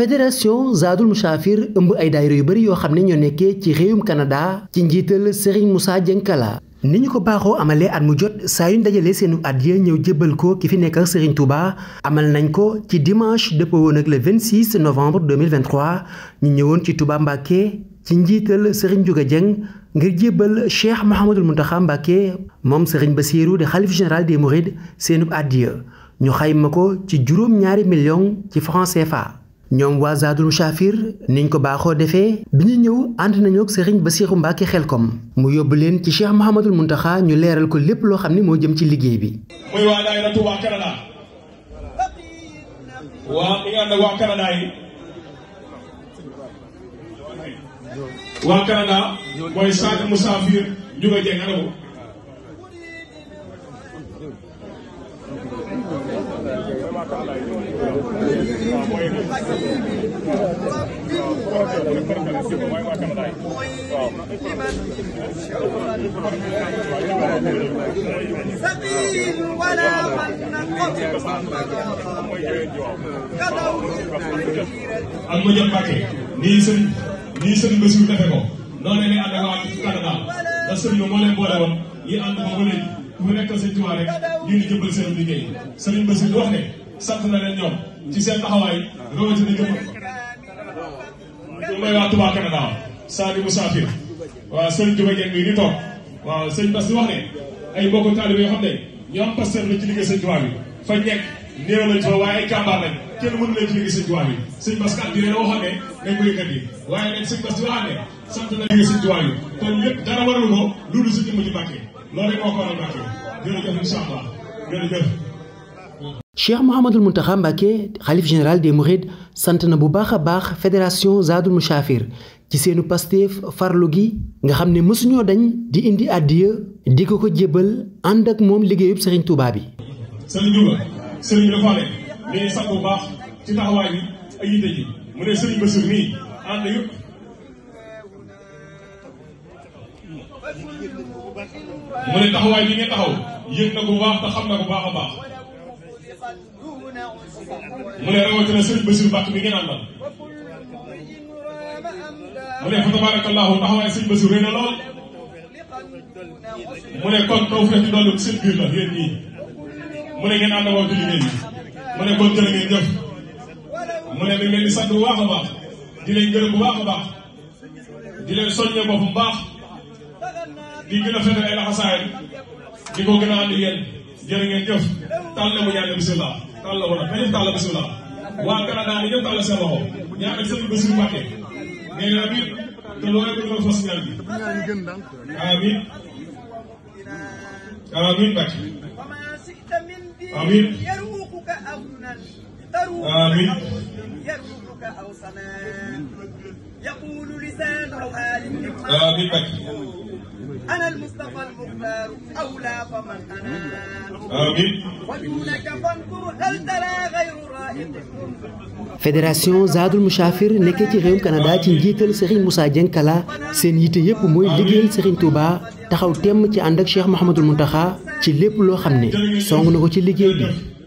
fédération Zadul Muchafir ëmb ay daayira yu bëri yoo xam ne ñoo nekkee ci réewum Canada ci njiital Serigne Moussa Diankala ni ñu ko baaxoo amalee at mu jot saa yuñ dajalee seenu addiya ñëw jébbal ko ki fi nekk Serigne Touba amal nañ ko ci dimanche dëppoo woon ak le 26 novembre 2023 ñu ñëwoon ci Touba Mbacké ci njiital Serigne Diouga Dieng ngir jébbal Cheikh Mouhamadul Mountakha Mbacké moom Serigne Bassirou de xalif général des Mourides seenub addiya ñu xayma ko ci juróom million ci francs CFA ñoom waa Zaadul Chafir niñ ko baaxoo defee bi ñu ñëw ànd nañu ak Serigne Bassirou xel Xelkom mu yóbbu leen ci Cheikh Mouhamadul Mountakha ñu leeral ko lépp loo xam ne moo jëm ci liggéey bi. سبيل ولا من قتل ak ma jëm Mbacke nii sëñ nii sëñ Bassirou defe ko noonu lay ànd ak waa Canada ndax sëñ bi moo leen boole woon ñi ba léegi ku fi nekkal sëñ Tuubaa rek wax ne sant na leen ñoom ci seen taxawaay rawatina jëmm mooy waa Touba Canada Sadi Moussa Fir waaw sëñ Juba Dieng mii di toog waaw sëñ Bass di wax ne ay mbokku taalibe yoo xam ne ñoo am pasteur la ci liggéey sëñ Juba bi fa nekk néew lañ ci liggéey sëñ Juba bi sëñ Bass kat di leen waxoon ne nañ ko yëkkat waaye nag sëñ Bass di wax ne sant na liggéey sëñ Juba bi kon lépp dara waralu ko loolu sëñ Juba ji Mbàkke loolu rek moo ko waral Mbàkke jërëjëf incha allah jërëjëf cheikh Mouhamadul Mountakha Mbacké xalif général des Mourides sant na bu baax a baax fédération Zadul Muchafir ci seenu Pastef farlu gi nga xam ne mësuñoo dañ di indi àddiya di ko ko jébbal ànd ak moom liggéeyub Serigne Touba bi. mu ne Serigne Bassirou mii ànd yëpp. mu ne rawatina sëriñ Basiru Mbàkke mi ngeen àndal mu ne fa tabarakallahu taxawaay sëriñ Basiru rëy na lool mu ne kon taw fekk dollu seen biir la yéen ñii mu ne ngeen àndal woon ci liggéey bi mu ne kon jërë ngeen jëf mu ne mi ngeen di sant bu baax a baax di leen gërëm bu baax a baax di leen soññee boppam baax di gën a fexe ay laxasaay di ko gën a ànd yéen jërë jëf tàll na mu ñaan bisimilah tàll la woon ak beneen waa Canada yi ñëpp tàll seen loxo ñaan ak sëñ Bassirou Mbacké ngay rabit te looy ko doon fas ñaan bi amin amin Mbacké amin آمين يرمك أو صنام يقول لسان أنا المصطفى المختار أولى فمن أنا آمين ودونك nekkee ci réewum Canada ci njiital Serigne Moussa Dieng seen yitte yépp mooy liggéeyal Serigne Touba taxaw temm ci ànd ak Cheikh Mouhamadul Mountakha ci lépp loo xam ne song na ko ci liggéey bi.